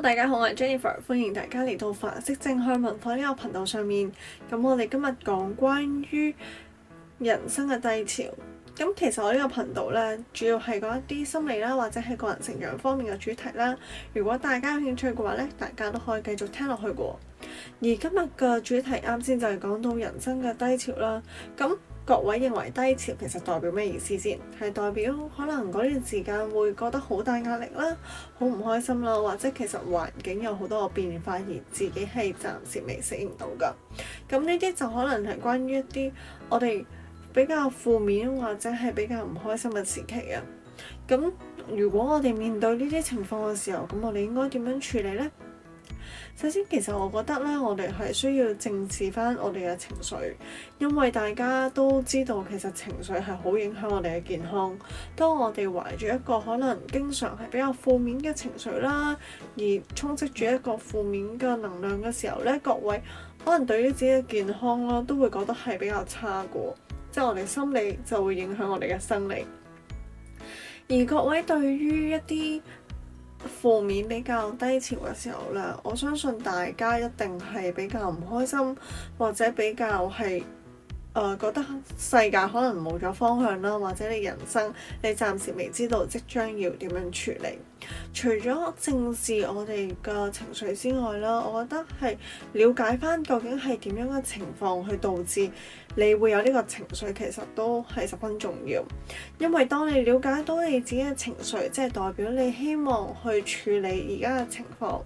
大家好，我係 Jennifer，歡迎大家嚟到凡式正向文化呢個頻道上面。咁我哋今日講關於人生嘅低潮。咁其實我呢個頻道咧，主要係講一啲心理啦，或者係個人成長方面嘅主題啦。如果大家有興趣嘅話咧，大家都可以繼續聽落去嘅。而今日嘅主題，啱先就係講到人生嘅低潮啦。咁各位認為低潮其實代表咩意思先？係代表可能嗰段時間會覺得好大壓力啦，好唔開心啦，或者其實環境有好多個變化而自己係暫時未適應到噶。咁呢啲就可能係關於一啲我哋比較負面或者係比較唔開心嘅時期啊。咁如果我哋面對呢啲情況嘅時候，咁我哋應該點樣處理呢？首先，其實我覺得咧，我哋係需要正視翻我哋嘅情緒，因為大家都知道，其實情緒係好影響我哋嘅健康。當我哋懷住一個可能經常係比較負面嘅情緒啦，而充斥住一個負面嘅能量嘅時候咧，各位可能對於自己嘅健康啦，都會覺得係比較差噶。即係我哋心理就會影響我哋嘅生理，而各位對於一啲。負面比較低潮嘅時候咧，我相信大家一定係比較唔開心，或者比較係誒、呃、覺得世界可能冇咗方向啦，或者你人生你暫時未知道即將要點樣處理。除咗正視我哋嘅情緒之外啦，我覺得係了解返究竟係點樣嘅情況去導致你會有呢個情緒，其實都係十分重要。因為當你了解到你自己嘅情緒，即係代表你希望去處理而家嘅情況。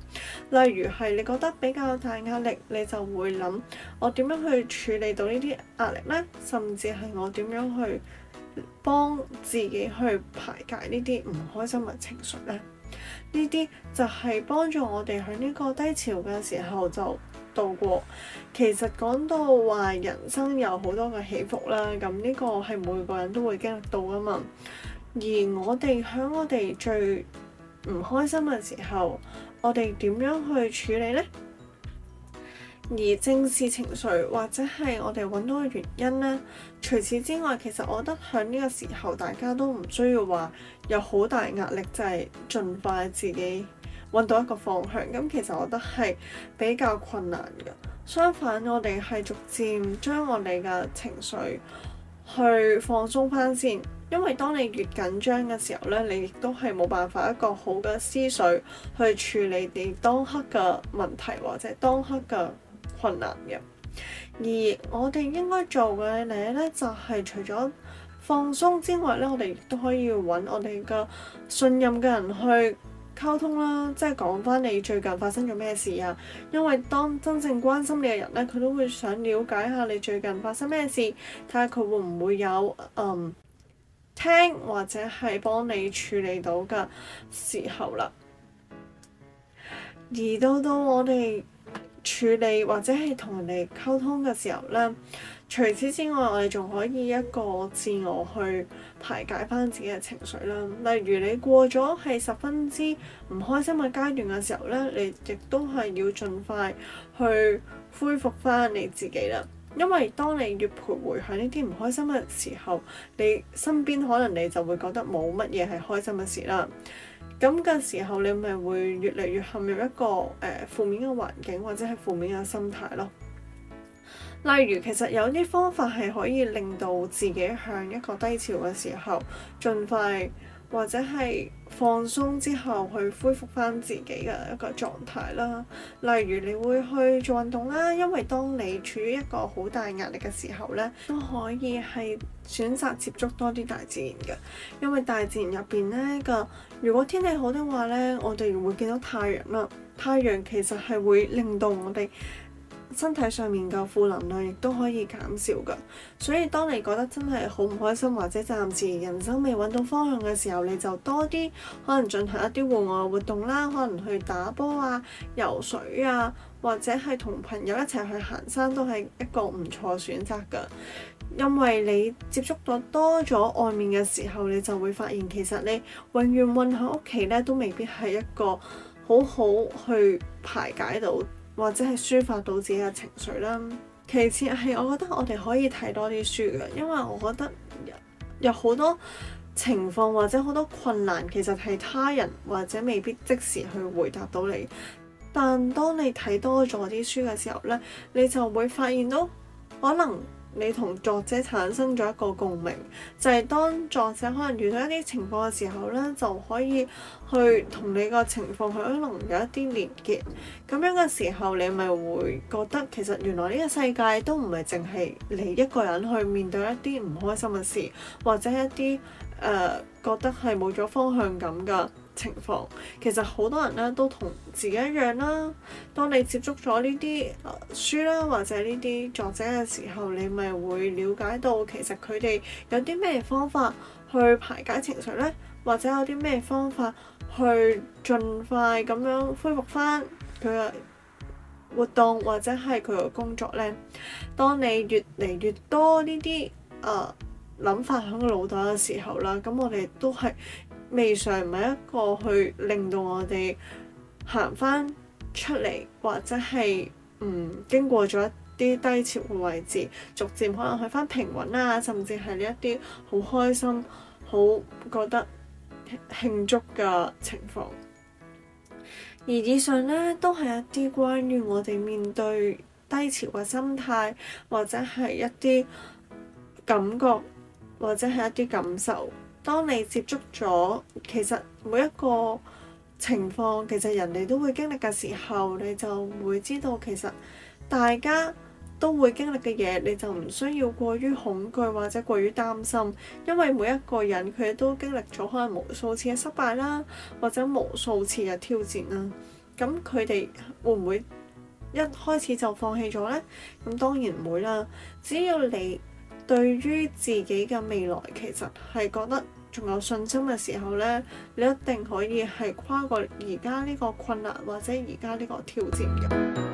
例如係你覺得比較大壓力，你就會諗我點樣去處理到呢啲壓力呢？甚至係我點樣去？幫自己去排解呢啲唔開心嘅情緒咧，呢啲就係幫助我哋喺呢個低潮嘅時候就度過。其實講到話人生有好多嘅起伏啦，咁呢個係每個人都會經歷到㗎嘛。而我哋喺我哋最唔開心嘅時候，我哋點樣去處理呢？而正視情緒或者係我哋揾到嘅原因咧，除此之外，其實我覺得響呢個時候，大家都唔需要話有好大壓力，就係盡快自己揾到一個方向。咁其實我覺得係比較困難嘅。相反，我哋係逐漸將我哋嘅情緒去放鬆翻先，因為當你越緊張嘅時候咧，你亦都係冇辦法一個好嘅思緒去處理你當刻嘅問題或者當刻嘅。困難嘅，而我哋應該做嘅嘢咧，就係除咗放鬆之外咧，我哋亦都可以揾我哋嘅信任嘅人去溝通啦，即係講翻你最近發生咗咩事啊？因為當真正關心你嘅人咧，佢都會想了解下你最近發生咩事，睇下佢會唔會有嗯聽或者係幫你處理到嘅時候啦。而到到我哋。處理或者係同人哋溝通嘅時候咧，除此之外，我哋仲可以一個自我去排解翻自己嘅情緒啦。例如你過咗係十分之唔開心嘅階段嘅時候咧，你亦都係要盡快去恢復翻你自己啦。因為當你越徘徊喺呢啲唔開心嘅時候，你身邊可能你就會覺得冇乜嘢係開心嘅事啦。咁嘅時候，你咪會越嚟越陷入一個誒負面嘅環境，或者係負面嘅心態咯。例如，其實有啲方法係可以令到自己向一個低潮嘅時候，盡快。或者係放鬆之後去恢復返自己嘅一個狀態啦，例如你會去做運動啦、啊，因為當你處於一個好大壓力嘅時候呢，都可以係選擇接觸多啲大自然嘅，因為大自然入邊呢個，如果天氣好嘅話呢，我哋會見到太陽啦，太陽其實係會令到我哋。身體上面嘅負能量亦都可以減少㗎，所以當你覺得真係好唔開心，或者暫時人生未揾到方向嘅時候，你就多啲可能進行一啲戶外活動啦，可能去打波啊、游水啊，或者係同朋友一齊去行山都係一個唔錯選擇㗎，因為你接觸到多咗外面嘅時候，你就會發現其實你永遠困喺屋企咧都未必係一個好好去排解到。或者係抒發到自己嘅情緒啦。其次係，我覺得我哋可以睇多啲書嘅，因為我覺得有好多情況或者好多困難，其實係他人或者未必即時去回答到你。但當你睇多咗啲書嘅時候咧，你就會發現到可能。你同作者產生咗一個共鳴，就係、是、當作者可能遇到一啲情況嘅時候咧，就可以去同你個情況去可能有一啲連結，咁樣嘅時候你咪會覺得其實原來呢個世界都唔係淨係你一個人去面對一啲唔開心嘅事，或者一啲誒、呃、覺得係冇咗方向感㗎。情況其實好多人咧都同自己一樣啦。當你接觸咗呢啲誒書啦，或者呢啲作者嘅時候，你咪會了解到其實佢哋有啲咩方法去排解情緒呢？或者有啲咩方法去盡快咁樣恢復翻佢嘅活動或者係佢嘅工作呢？當你越嚟越多呢啲誒諗法喺個腦袋嘅時候啦，咁我哋都係。未嘗唔係一個去令到我哋行返出嚟，或者係嗯，經過咗一啲低潮嘅位置，逐漸可能去返平穩啦，甚至係呢一啲好開心、好覺得慶祝嘅情況。而以上呢，都係一啲關於我哋面對低潮嘅心態，或者係一啲感覺，或者係一啲感受。當你接觸咗，其實每一個情況，其實人哋都會經歷嘅時候，你就會知道其實大家都會經歷嘅嘢，你就唔需要過於恐懼或者過於擔心，因為每一個人佢都經歷咗可能無數次嘅失敗啦，或者無數次嘅挑戰啦，咁佢哋會唔會一開始就放棄咗呢？咁當然唔會啦，只要你。對於自己嘅未來，其實係覺得仲有信心嘅時候咧，你一定可以係跨過而家呢個困難，或者而家呢個挑戰嘅。